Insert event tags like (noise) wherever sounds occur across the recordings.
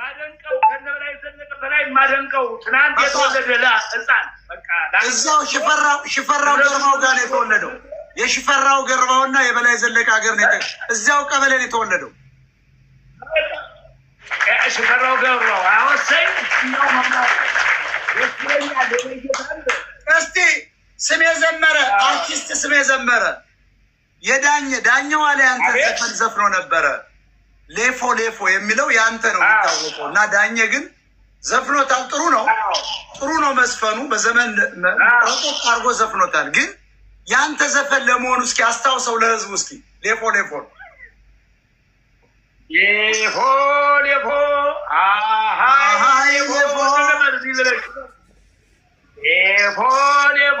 ማደንቀው ከነበላይ ዘለቀ በላይ ማደንቀው ትናንት የተወለደ ህፃን እዛው ሽፈራው ሽፈራው ገርባው ጋር ነው የተወለደው። የሽፈራው ገርባውና የበላይ ዘለቀ ሀገር ነው እዚያው ቀበሌ ነው የተወለደው። ሽፈራው ገርባው አወሰኝ እስቲ ስሜ ዘመረ አርቲስት ስሜ ዘመረ የዳኘ ዳኘው አለ ያንተ ዘፈን ዘፍኖ ነበረ ሌፎ ሌፎ የሚለው የአንተ ነው የሚታወቀው። እና ዳኘ ግን ዘፍኖታል። ጥሩ ነው ጥሩ ነው መስፈኑ በዘመን አድርጎ ዘፍኖታል። ግን የአንተ ዘፈን ለመሆኑ እስኪ አስታውሰው ለህዝቡ እስኪ ሌፎ ሌፎ ሌፎ ሌፎ ሌፎ ሌፎ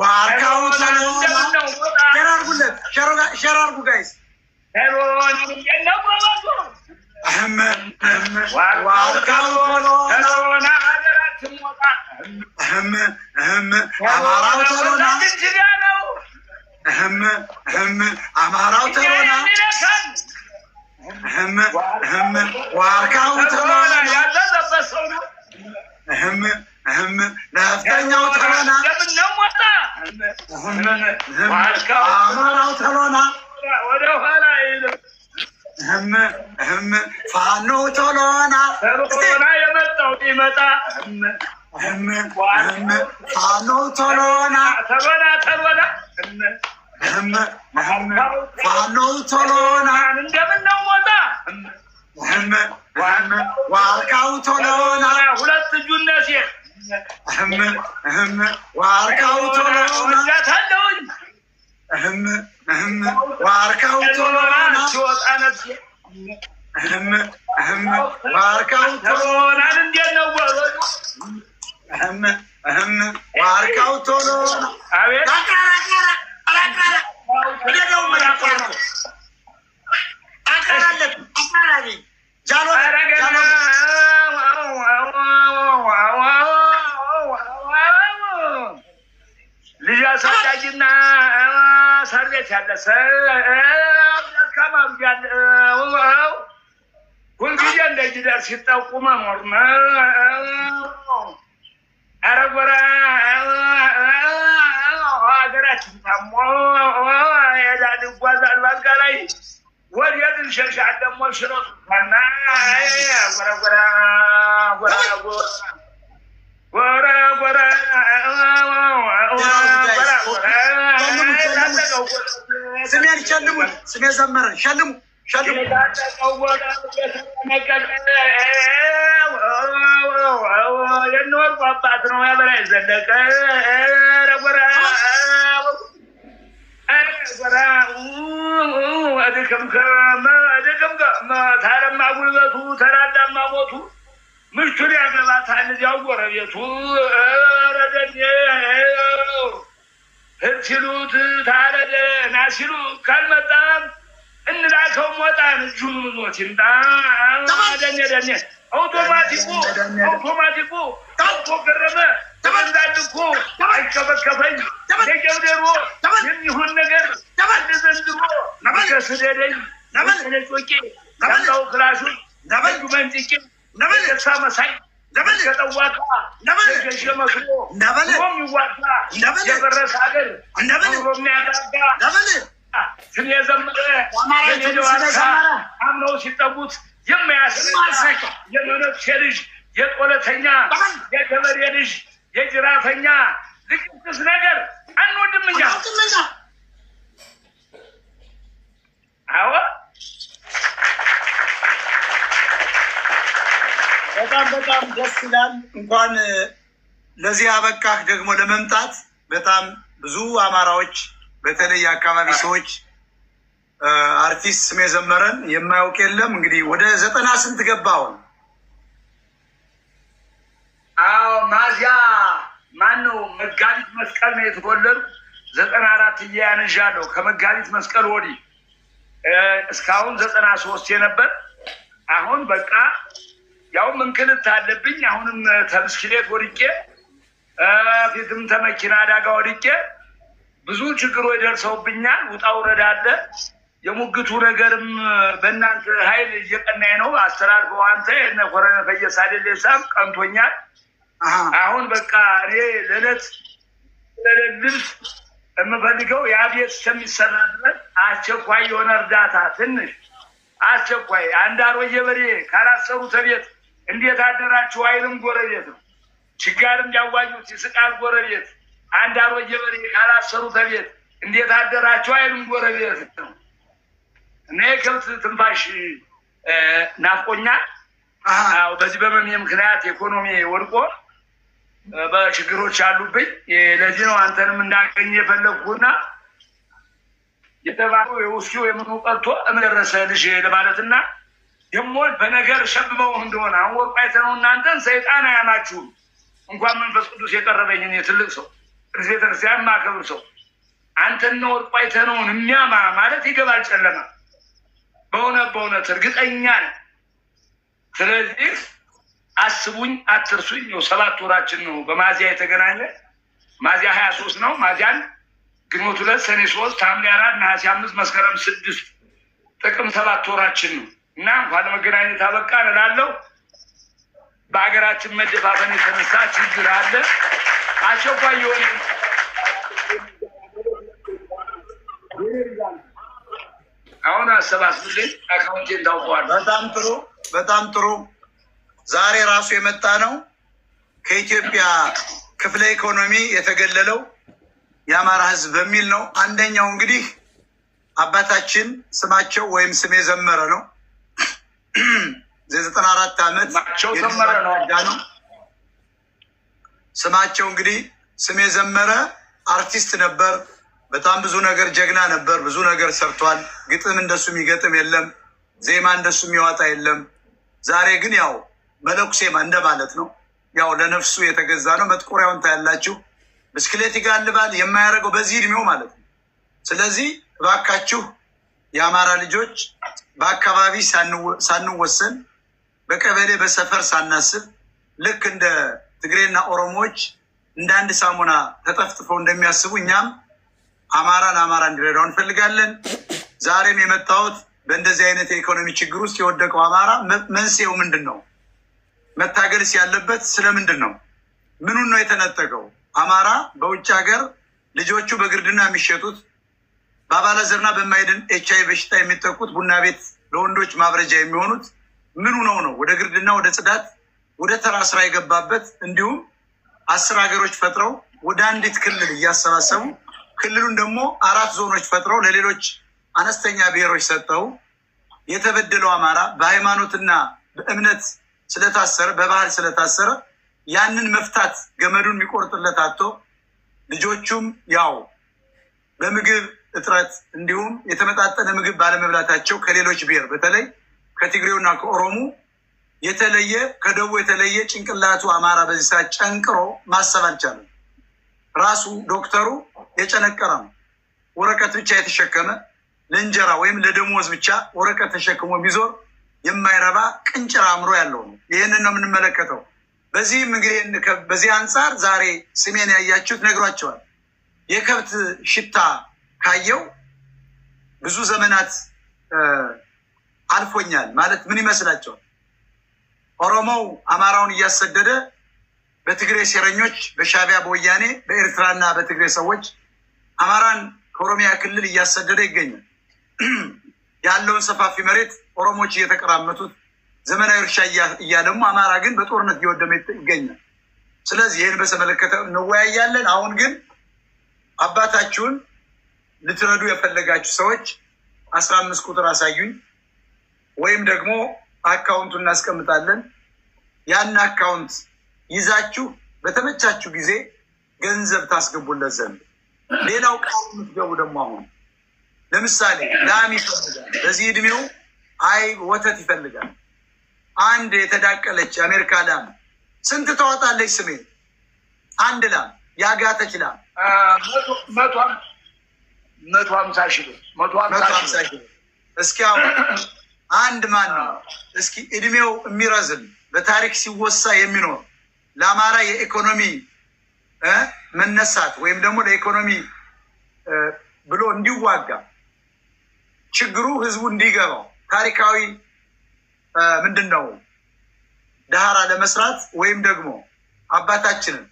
ዋርካውሸራርጉለት ሸራርጉ ጋይስ አማራው ተሎና ለፍተኛው ተሎና ተሎና እህም ፋኖ ተሎና የመጣው ይመጣ ፋኖ ተሎና ተሎና ተሎና ፋኖ ተሎና እንደምነው ሞታ እህም ዋርካው ተሎና ሁለት እጁ ዋርካው ቶሎ ዋርካው ቶሎ ዋርካው ቶሎናን እንዴት ነው ዋርካው ቶሎ አቤት ያለሰ ከመርጃ ሁልጊዜ እንደዚህ ደርስ ሲጠቁመ ሞርመ አረጎራ ሀገራችን ታሞ ሄዳል ይጓዛል ባልጋ ላይ ወዲያት ሸሻል ደግሞ ሽረቱና ጎረጎራ ጎረጎራ ጎረጎራ ጎረጎራ ስሜን ሸልሙ፣ ስሜ ዘመረ ሸልሙ፣ የነወርቁ አባት ነው የበላይ ዘለቀ ታለማ ጉልበቱ ተራዳማ ሞቱ ምቹን ያገባታል እዚያው ጎረቤቱ ረደኔ ሲሉት ታረደ ና ካልመጣም እንላከው ሞጣን እጁን ምዞት ይምጣ ደኔ ደኔ አውቶማቲኩ አውቶማቲኩ ታውቶ ገረመ ተመንዳልኩ አይከበከበኝ የጀብደሮ የሚሆን ነገር እንደዘንድሮ ከስደደኝ ነጮቄ ያለው ክላሹን ነጁ መንጭቄ ነሳ መሳይ ከጠዋታ የሸመክሎ ሚዋጋ የበረሳ ትንሽ የጅራተኛ ልቅስ ነገር አንወድም እኛ። አዎ በጣም በጣም ደስ ይላል። እንኳን ለዚህ አበቃህ ደግሞ ለመምጣት በጣም ብዙ አማራዎች በተለይ አካባቢ ሰዎች አርቲስት ስሜ ዘመረን የማያውቅ የለም። እንግዲህ ወደ ዘጠና ስንት ገባውን አዎ ማዚያ ማን ነው መጋቢት መስቀል ነው የተወለዱ ዘጠና አራት እያያንዣለሁ ከመጋቢት መስቀል ወዲህ እስካሁን ዘጠና ሶስት የነበር አሁን በቃ ያው እንክልት አለብኝ። አሁንም ተብስክሌት ወድቄ ፊትም ተመኪና አደጋ ወድቄ ብዙ ችግሮች ደርሰውብኛል። ውጣ ውረድ አለ። የሙግቱ ነገርም በእናንተ ኃይል እየቀናኝ ነው። አስተላልፈው አንተ የነ ኮረነ ፈየሳ ደሌሳም ቀንቶኛል። አሁን በቃ እኔ ለዕለት ለልብስ የምፈልገው ያ እስከሚሰራ ድረስ አስቸኳይ የሆነ እርዳታ ትንሽ አስቸኳይ አንድ አሮጌ በሬ ካላሰሩት ቤት እንዴት አደራችሁ አይልም ጎረቤት ነው። ችጋር ያዋዩት ይስቃል ጎረቤት። አንድ አሮጌ በሬ ካላሰሩት ቤት እንዴት አደራችሁ አይልም ጎረቤት ነው። እና የከብት ትንፋሽ ናፍቆኛል። በዚህ በመሜ ምክንያት ኢኮኖሚ ወድቆ በችግሮች አሉብኝ። ለዚህ ነው አንተንም እንዳገኝ የፈለግኩና የተባለው የውስኪው የምኑ ቀርቶ እምደረሰ ልጅ ለማለትና ደግሞ በነገር ሸብበው እንደሆነ አሁን ወርቁ ነው። እናንተን ሰይጣን አያማችሁም። እንኳን መንፈስ ቅዱስ የቀረበኝ እኔ ትልቅ ሰው ቤተክርስቲያን ማከብር ሰው አንተና ወርቁ አይተነውን የሚያማ ማለት ይገባል ጨለማ በእውነት በእውነት እርግጠኛ ነኝ። ስለዚህ አስቡኝ አትርሱኝ። ነው ሰባት ወራችን ነው በማዚያ የተገናኘ ማዚያ ሀያ ሶስት ነው ማዚያን ግንቦት ሁለት ሰኔ ሶስት ሐምሌ አራት ነሐሴ አምስት መስከረም ስድስት ጥቅም ሰባት ወራችን ነው እና እንኳን ለመገናኘት አበቃን እላለሁ። በሀገራችን መደፋፈን የተነሳ ችግር አለ አስቸኳይ የሆነ አሰባስቡልኝ አካውንቴ እንዳውቀዋል። በጣም ጥሩ በጣም ጥሩ። ዛሬ ራሱ የመጣ ነው ከኢትዮጵያ ክፍለ ኢኮኖሚ የተገለለው የአማራ ህዝብ በሚል ነው። አንደኛው እንግዲህ አባታችን ስማቸው ወይም ስሜ ዘመረ ነው። ዘጠና አራት ዓመት ነው ስማቸው እንግዲህ ስሜ ዘመረ አርቲስት ነበር። በጣም ብዙ ነገር ጀግና ነበር። ብዙ ነገር ሰርቷል። ግጥም እንደሱ የሚገጥም የለም። ዜማ እንደሱ የሚዋጣ የለም። ዛሬ ግን ያው መለኩሴማ እንደማለት ነው። ያው ለነፍሱ የተገዛ ነው። መጥቆሪያውን ታያላችሁ። ብስክሌት ይጋልባል የማያደርገው በዚህ እድሜው ማለት ነው። ስለዚህ እባካችሁ የአማራ ልጆች በአካባቢ ሳንወሰን በቀበሌ በሰፈር ሳናስብ ልክ እንደ ትግሬና ኦሮሞዎች እንደ አንድ ሳሙና ተጠፍጥፈው እንደሚያስቡ እኛም አማራን አማራ እንዲረዳው እንፈልጋለን። ዛሬም የመጣሁት በእንደዚህ አይነት የኢኮኖሚ ችግር ውስጥ የወደቀው አማራ መንስኤው ምንድን ነው? መታገልስ ያለበት ስለምንድን ነው? ምኑን ነው የተነጠቀው? አማራ በውጭ ሀገር ልጆቹ በግርድና የሚሸጡት በአባለ ዘርና በማይድን ኤች አይ በሽታ የሚጠቁት ቡና ቤት ለወንዶች ማብረጃ የሚሆኑት ምኑ ነው ነው ወደ ግርድና ወደ ጽዳት ወደ ተራ ስራ የገባበት እንዲሁም አስር ሀገሮች ፈጥረው ወደ አንዲት ክልል እያሰባሰቡ ክልሉን ደግሞ አራት ዞኖች ፈጥረው ለሌሎች አነስተኛ ብሔሮች ሰጠው። የተበደለው አማራ በሃይማኖትና በእምነት ስለታሰረ በባህል ስለታሰረ ያንን መፍታት ገመዱን የሚቆርጥለት አቶ ልጆቹም ያው በምግብ እጥረት እንዲሁም የተመጣጠነ ምግብ ባለመብላታቸው ከሌሎች ብሔር በተለይ ከትግሬውና ከኦሮሞ የተለየ ከደቡብ የተለየ ጭንቅላቱ አማራ በዚህ ሰዓት ጨንቅሮ ማሰብ አልቻለም። ራሱ ዶክተሩ የጨነቀረ ነው። ወረቀት ብቻ የተሸከመ ለእንጀራ ወይም ለደሞዝ ብቻ ወረቀት ተሸክሞ ቢዞር የማይረባ ቅንጭር አእምሮ ያለው ነው። ይህንን ነው የምንመለከተው። በዚህም እንግዲህ በዚህ አንጻር ዛሬ ስሜን ያያችሁት ነግሯቸዋል። የከብት ሽታ ካየው ብዙ ዘመናት አልፎኛል ማለት ምን ይመስላቸዋል? ኦሮሞው አማራውን እያሰደደ በትግሬ ሴረኞች፣ በሻቢያ በወያኔ፣ በኤርትራና በትግሬ ሰዎች አማራን ከኦሮሚያ ክልል እያሰደደ ይገኛል። (clears throat) ያለውን ሰፋፊ መሬት ኦሮሞች እየተቀራመቱት ዘመናዊ እርሻ እያለሙ አማራ ግን በጦርነት እየወደመ ይገኛል። ስለዚህ ይህን በተመለከተ እንወያያለን። አሁን ግን አባታችሁን ልትረዱ የፈለጋችሁ ሰዎች አስራ አምስት ቁጥር አሳዩኝ ወይም ደግሞ አካውንቱን እናስቀምጣለን ያን አካውንት ይዛችሁ በተመቻችሁ ጊዜ ገንዘብ ታስገቡለት ዘንድ። ሌላው ቃል የምትገቡ ደግሞ አሁን ለምሳሌ ላም ይፈልጋል። በዚህ እድሜው አይ ወተት ይፈልጋል። አንድ የተዳቀለች የአሜሪካ ላም ስንት ተዋጣለች? ስሜ አንድ ላም ያጋተች ላም መቶ ሀምሳ እስኪ አሁን አንድ ማን ነው እስኪ እድሜው የሚረዝም በታሪክ ሲወሳ የሚኖር ለአማራ የኢኮኖሚ መነሳት ወይም ደግሞ ለኢኮኖሚ ብሎ እንዲዋጋ ችግሩ ህዝቡ እንዲገባው ታሪካዊ ምንድን ነው ዳህራ ለመስራት ወይም ደግሞ አባታችንን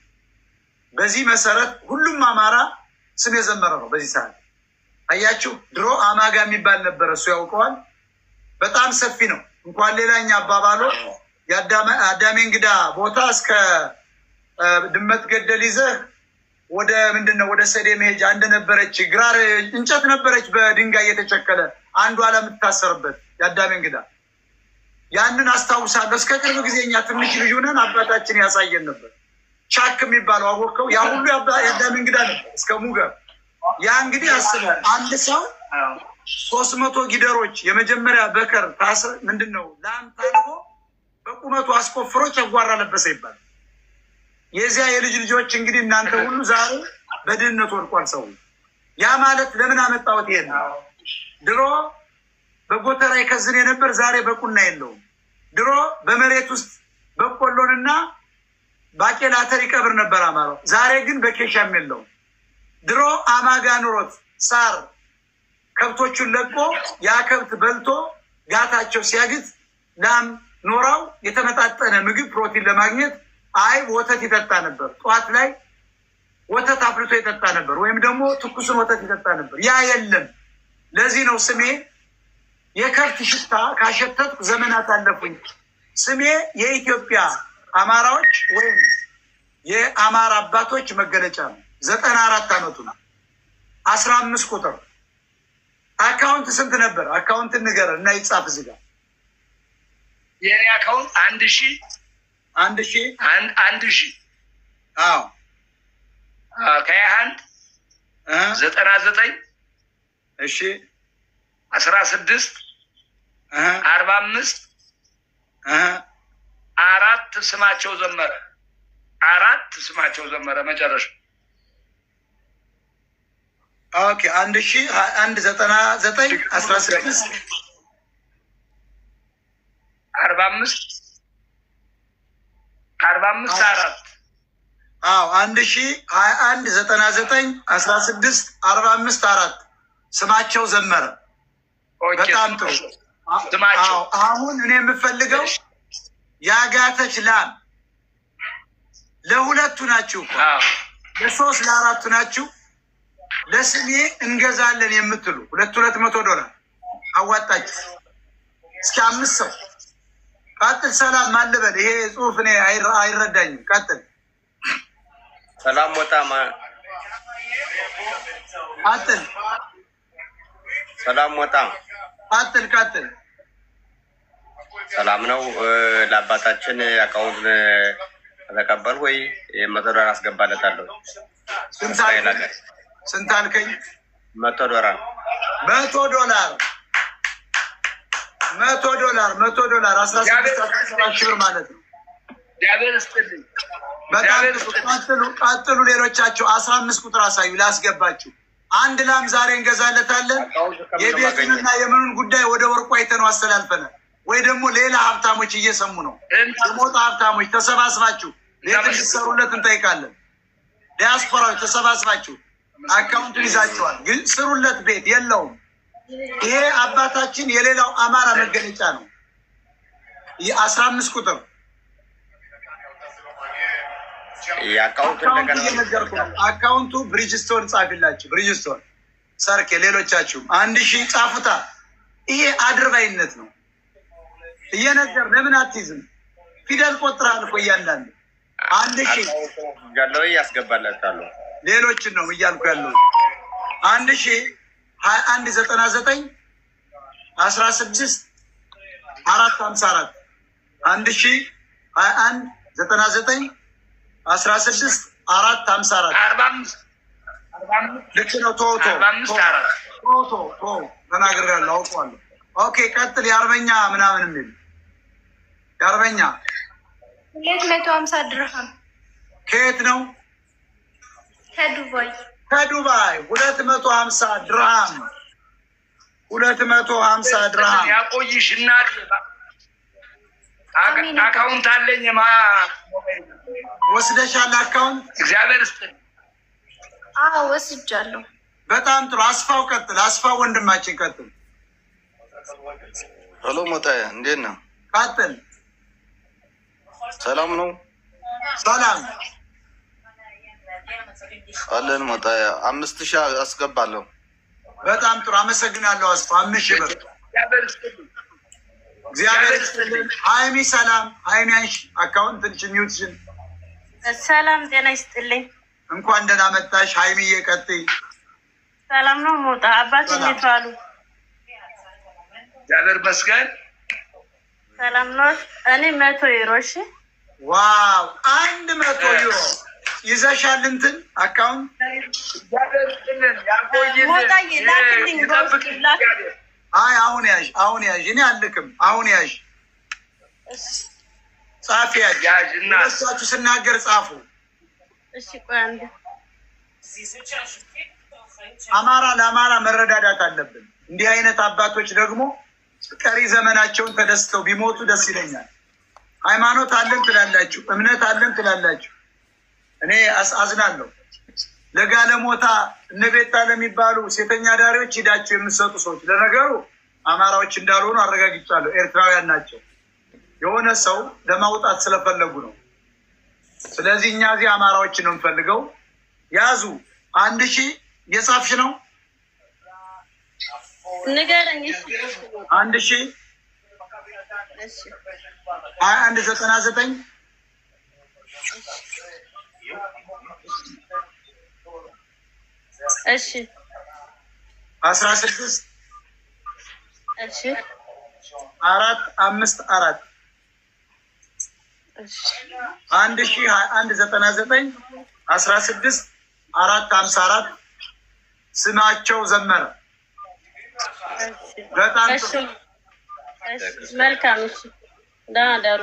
በዚህ መሰረት ሁሉም አማራ ስም የዘመረ ነው። በዚህ ሰዓት አያችሁ፣ ድሮ አማጋ የሚባል ነበረ፣ እሱ ያውቀዋል። በጣም ሰፊ ነው። እንኳን ሌላኛ አባባሎ የአዳሜ እንግዳ ቦታ እስከ ድመት ገደል ይዘህ ወደ ምንድነው ወደ ሰዴ መሄጃ ነበረች ግራር እንጨት ነበረች፣ በድንጋይ የተቸከለ አንዱ አለምታሰርበት የአዳሜ እንግዳ ያንን አስታውሳለሁ። እስከ ቅርብ ጊዜ እኛ ትንሽ ልጅ ሆነን አባታችን ያሳየን ነበር። ቻክ የሚባለው አወቀው ያ ሁሉ የአዳሜ እንግዳ ነበር እስከ ሙገር። ያ እንግዲህ አስበ አንድ ሰው ሶስት መቶ ጊደሮች የመጀመሪያ በከር ምንድን ነው ላም ታልቦ በቁመቱ አስቆፍሮ ጨጓራ ለበሰ ይባላል። የዚያ የልጅ ልጆች እንግዲህ እናንተ ሁሉ ዛሬ በድህነት ወድቋል ሰው። ያ ማለት ለምን አመጣሁት ይሄ ነው። ድሮ በጎተራ ይከዝን የነበር ዛሬ በቁና የለውም። ድሮ በመሬት ውስጥ በቆሎንና ባቄላ አተር ይቀብር ነበር አማራው። ዛሬ ግን በኬሻም የለውም። ድሮ አማጋ ኑሮት ሳር ከብቶቹን ለቆ ያ ከብት በልቶ ጋታቸው ሲያግት ላም ኖራው የተመጣጠነ ምግብ ፕሮቲን ለማግኘት አይብ ወተት ይጠጣ ነበር። ጠዋት ላይ ወተት አፍልቶ ይጠጣ ነበር፣ ወይም ደግሞ ትኩስን ወተት ይጠጣ ነበር። ያ የለም። ለዚህ ነው ስሜ የከብት ሽታ ካሸተት ዘመናት አለፉኝ። ስሜ የኢትዮጵያ አማራዎች ወይም የአማራ አባቶች መገለጫ ነው። ዘጠና አራት ዓመቱ ነው። አስራ አምስት ቁጥር አካውንት ስንት ነበር? አካውንት ንገረ እና ይጻፍ ዝጋ የኔ አካውንት አንድ ሺ አንድ ሺ አንድ ሺ አዎ ከሀያ አንድ ዘጠና ዘጠኝ እሺ አስራ ስድስት አርባ አምስት አራት ስማቸው ዘመረ አራት ስማቸው ዘመረ መጨረሻ ኦኬ አንድ ሺ አንድ ዘጠና ዘጠኝ አስራ ስድስት አርባ አምስት አርባ አምስት አራት አዎ አንድ ሺ ሀያ አንድ ዘጠና ዘጠኝ አስራ ስድስት አርባ አምስት አራት ስማቸው ዘመረ። በጣም ጥሩ ስማቸው። አሁን እኔ የምፈልገው ያጋተች ላም ለሁለቱ ናችሁ፣ ለሶስት ለአራቱ ናችሁ። ለስሜ እንገዛለን የምትሉ ሁለት ሁለት መቶ ዶላር አዋጣችሁ እስኪ አምስት ሰው ቀጥል። ሰላም ማልበል ይሄ ጽሁፍ እኔ አይረዳኝም። ቀጥል። ሰላም ሞጣ ቀጥል። ሰላም ሞጣ ቀጥል። ቀጥል። ሰላም ነው ለአባታችን አቃውን ተቀበል ወይ መቶ ዶላር አስገባለታለሁ። ስንት አልከኝ? መቶ ዶላር መቶ ዶላር መቶ ዶላር መቶ ዶላር አስራ ስድስት አስራ ሰባት ሺህ ብር ማለት ነው። በጣም ቀጥሉ ሌሎቻቸው አስራ አምስት ቁጥር አሳዩ ላስገባችሁ። አንድ ላም ዛሬ እንገዛለታለን። የቤቱንና የምኑን ጉዳይ ወደ ወርቁ አይተነው አስተላልፈናል። ወይ ደግሞ ሌላ ሀብታሞች እየሰሙ ነው። የሞጣ ሀብታሞች ተሰባስባችሁ ቤት እንድትሰሩለት እንጠይቃለን። ዲያስፖራዎች ተሰባስባችሁ አካውንቱን ይዛችኋል፣ ግን ስሩለት። ቤት የለውም ይሄ አባታችን የሌላው አማራ መገለጫ ነው። የአስራ አምስት ቁጥር አካውንቱ ብሪጅስቶን ጻፍላችሁ፣ ብሪጅስቶን ሰርክ፣ ሌሎቻችሁም አንድ ሺህ ጻፉታ። ይሄ አድርባይነት ነው። እየነገር ለምን አትይዝም? ፊደል ቆጥረሃል እኮ እያንዳንዱ አንድ ሺህ ያስገባላችኋለሁ። ሌሎችን ነው እያልኩ ያለው አንድ ሺህ ሀያ አንድ ዘጠና ዘጠኝ አስራ ስድስት አራት ሀምሳ አራት አንድ ሺ ሀያ አንድ ዘጠና ዘጠኝ አስራ ስድስት አራት ሀምሳ አራት ልክ ነው። ቶ ቶቶ ቶ ቶ ተናግሬያለሁ፣ አውቀዋለሁ። ኦኬ ቀጥል። የአርበኛ ምናምን የሚል የአርበኛ ሁለት መቶ ሀምሳ ድርሃም ከየት ነው? ከዱባይ ከዱባይ ሁለት መቶ ሀምሳ ድርሃም ሁለት መቶ ሀምሳ ድርሃም ያቆይሽ እናት አካውንት አለኝ ማ ወስደሻል? አካውንት እግዚአብሔር ስ አዎ ወስጃለሁ። በጣም ጥሩ። አስፋው ቀጥል። አስፋው ወንድማችን ቀጥል። ሄሎ ሞጣዬ፣ እንዴት ነው? ቀጥል። ሰላም ነው። ሰላም አለን መጣ አምስት ሺህ አስገባለሁ። በጣም ጥሩ አመሰግናለሁ። አስፋ አምስት ሺህ ብር እግዚአብሔር ይስጥልን። ሀይሚ ሰላም። ሀይሚ አንቺ አካውንት ትንሽ ሚውትሽን። ሰላም ጤና ይስጥልኝ። እንኳን ደህና መጣሽ ሀይሚ። እየቀጥይ ሰላም ነው። ሞጣ አባት እንዴት ዋሉ? እግዚአብሔር ይመስገን ሰላም ነው። እኔ መቶ ዩሮ እሺ። ዋው አንድ መቶ ዩሮ ይዘሻል እንትን አካውንት አይ አሁን ያዥ፣ አሁን ያዥ። እኔ አልክም። አሁን ያዥ፣ ጻፊ ያዥ። እሳችሁ ስናገር ጻፉ። አማራ ለአማራ መረዳዳት አለብን። እንዲህ አይነት አባቶች ደግሞ ቀሪ ዘመናቸውን ተደስተው ቢሞቱ ደስ ይለኛል። ሃይማኖት አለን ትላላችሁ፣ እምነት አለን ትላላችሁ እኔ አዝናለሁ። ለጋለሞታ እነቤታ ለሚባሉ ሴተኛ ዳሪዎች ሂዳቸው የምትሰጡ ሰዎች፣ ለነገሩ አማራዎች እንዳልሆኑ አረጋግጫለሁ። ኤርትራውያን ናቸው። የሆነ ሰው ለማውጣት ስለፈለጉ ነው። ስለዚህ እኛ እዚህ አማራዎችን ነው የምፈልገው። ያዙ። አንድ ሺህ የጻፍሽ ነው ንገረኝ። አንድ ሺህ ሀያ አንድ ዘጠና ዘጠኝ እሺ አስራ ስድስት እሺ አራት አምስት አራት አንድ ሺ አንድ ዘጠና ዘጠኝ አስራ ስድስት አራት ሀምሳ አራት ስማቸው ዘመረ። በጣም መልካም ደህና ደሩ።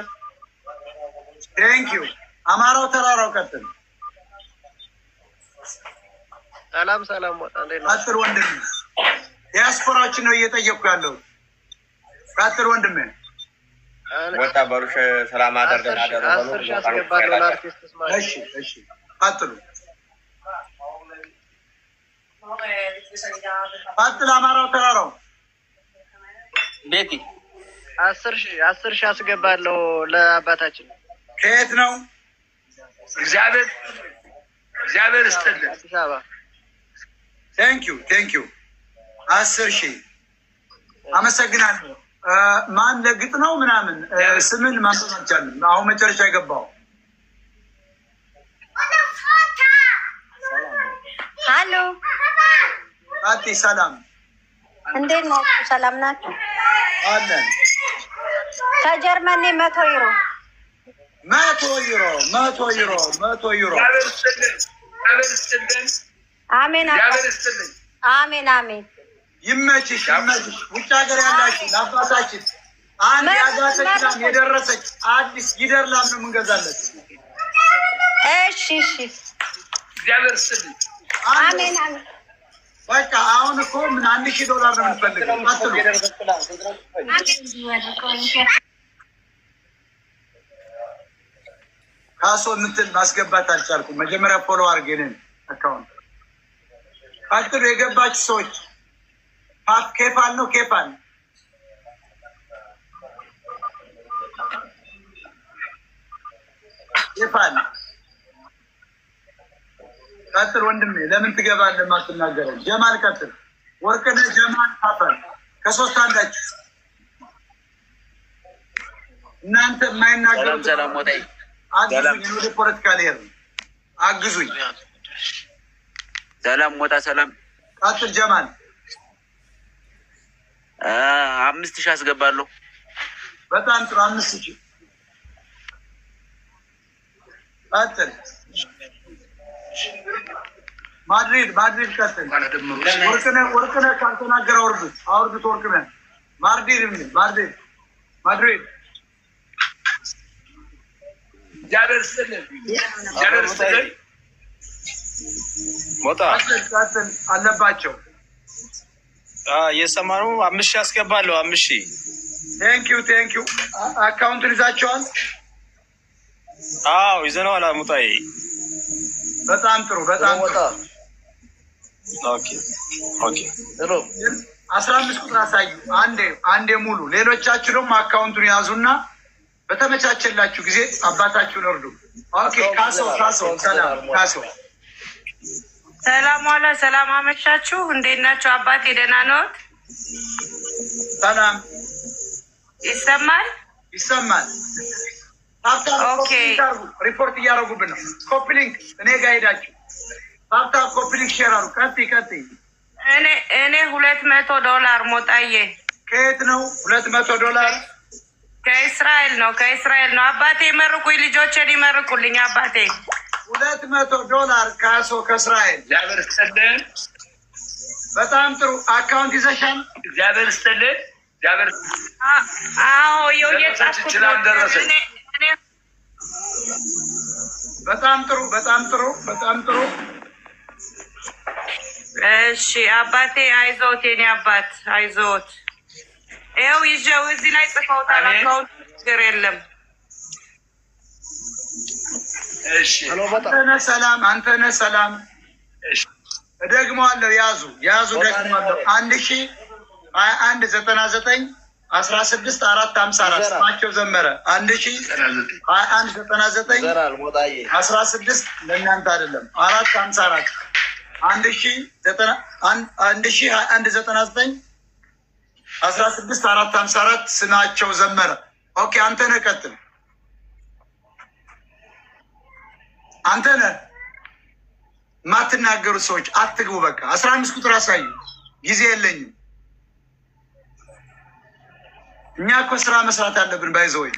ቴንኪዩ። አማራው ተራራው ቀጥል ሰላም ሰላም። ቀጥል ወንድም፣ ዲያስፖራዎችን ነው እየጠየቅኩ ያለው። ቀጥል ወንድም። ወጣ በሩሽ ሰላም አደርገን ቀጥሉ፣ ቀጥል። አማራው ተራራው ቤቲ አስር ሺህ አስገባለሁ ለአባታችን። ከየት ነው? እግዚአብሔር እግዚአብሔር ይስጥልን። ቴንኪዩ ቴንኪዩ አስር ሺህ አመሰግናለሁ። ማን ለግጥ ነው ምናምን ስምን ማሰማቻለን። አሁን መጨረሻ የገባው ሀሎ ፋቲ ሰላም፣ እንዴት ናችሁ? ሰላም ናችሁ? አለን ከጀርመን መቶ ዩሮ መቶ ዩሮ መቶ ዩሮ መቶ ዩሮ አሜን አሜን አሜን። ይመችሽ ይመችሽ። ውጭ ሀገር ያላችሁ ለአባታችን አንድ ያዛተችላም የደረሰች አዲስ ይደርላም ነው የምንገዛለት። እሺ እሺ፣ እግዚአብሔር አሜን አሜን። በቃ አሁን እኮ ምን አንድ ሺህ ዶላር ነው የምንፈልገው። ካሶ ምትል ማስገባት አልቻልኩም። መጀመሪያ ፎሎ አድርጌ አካውንት አጥሩ የገባች ሰዎች ኬፋን ነው ኬፋን ኬፋን ቀጥል ወንድሜ፣ ለምን ትገባለህ የማትናገረው? ጀማል ቀጥል። ወርቅነህ ጀማል ፋፈል ከሶስት አንዳችሁ እናንተ የማይናገሩ አግዙኝ፣ ወደ ፖለቲካ ልሄድ ነው። አግዙኝ ሰላም ሞጣ ሰላም ቀጥል ጀማል አምስት ሺህ አስገባለሁ። በጣም ጥሩ አምስት ሺህ ቀጥል። ማድሪድ ማድሪድ ቀጥል። ወርቅነ ወርቅነህ ካልተናገረ አውርዱት አውርዱት። ወርቅነህ ማድሪድ ማድሪድ ማድሪድ እግዚአብሔር ስለ እግዚአብሔር ስለ ሞጣ አለባቸው የሰማኑ አምስት ሺህ አስገባለሁ። አምስት ሺህ ቴንኪው ቴንኪው። አካውንቱን ይዛቸዋል? አዎ ይዘነዋል። ሙጣዬ በጣም ጥሩ በጣም ጥሩ። አስራ አምስት ቁጥር አሳዩ አንዴ አንዴ ሙሉ። ሌሎቻችሁ ደግሞ አካውንቱን ያዙና በተመቻቸላችሁ ጊዜ አባታችሁን እርዱ። ኦኬ ካሶ ካሶ ሰላም ካሶ ሰላም ዋላ፣ ሰላም አመሻችሁ። እንዴት ናችሁ? አባቴ ደህና ነዎት? ሰላም ይሰማል? ይሰማል። ሪፖርት እያደረጉብን ነው። ሊንክ እኔ ጋር ሄዳችሁ ሀብታ ኮፒ ሊንክ አሉ። ቀጥይ ቀጥይ። እኔ ሁለት መቶ ዶላር ሞጣዬ። ከየት ነው ሁለት መቶ ዶላር? ከእስራኤል ነው ከእስራኤል ነው አባቴ። ይመርቁኝ፣ ልጆችን ይመርቁልኝ አባቴ ሁለት መቶ ዶላር ካሶ ከእስራኤል እግዚአብሔር ይስጥልን። በጣም ጥሩ አካውንት ይዘሻል። እግዚአብሔር ይስጥልን። እግዚአብሔር አዎ፣ ደረሰ። በጣም ጥሩ፣ በጣም ጥሩ፣ በጣም ጥሩ። እሺ አባቴ አይዞት፣ የኔ አባት አይዞት። ይኸው ይዤው እዚህ ላይ ጽፈውታል። አካውንት ችግር የለም። አንተነህ ሰላም፣ አንተነህ ሰላም። እደግመዋለሁ። ያዙ ያዙ፣ ደግመዋለሁ። አንድ ሺ ሀያ አንድ ዘጠና ዘጠኝ አስራ ስድስት አራት ሀምሳ አራት ስማቸው ዘመረ። አንድ ሺ ሀያ አንድ ዘጠና ዘጠኝ አስራ ስድስት ለእናንተ አይደለም አራት ሀምሳ አራት አንድ ሺ ሀያ አንድ ዘጠና ዘጠኝ አስራ ስድስት አራት ሀምሳ አራት ስማቸው ዘመረ። ኦኬ አንተነህ ቀጥል። አንተ ነህ የማትናገሩት ሰዎች አትግቡ። በቃ አስራ አምስት ቁጥር አሳዩ። ጊዜ የለኝም። እኛ እኮ ስራ መስራት አለብን። ባይዘወይ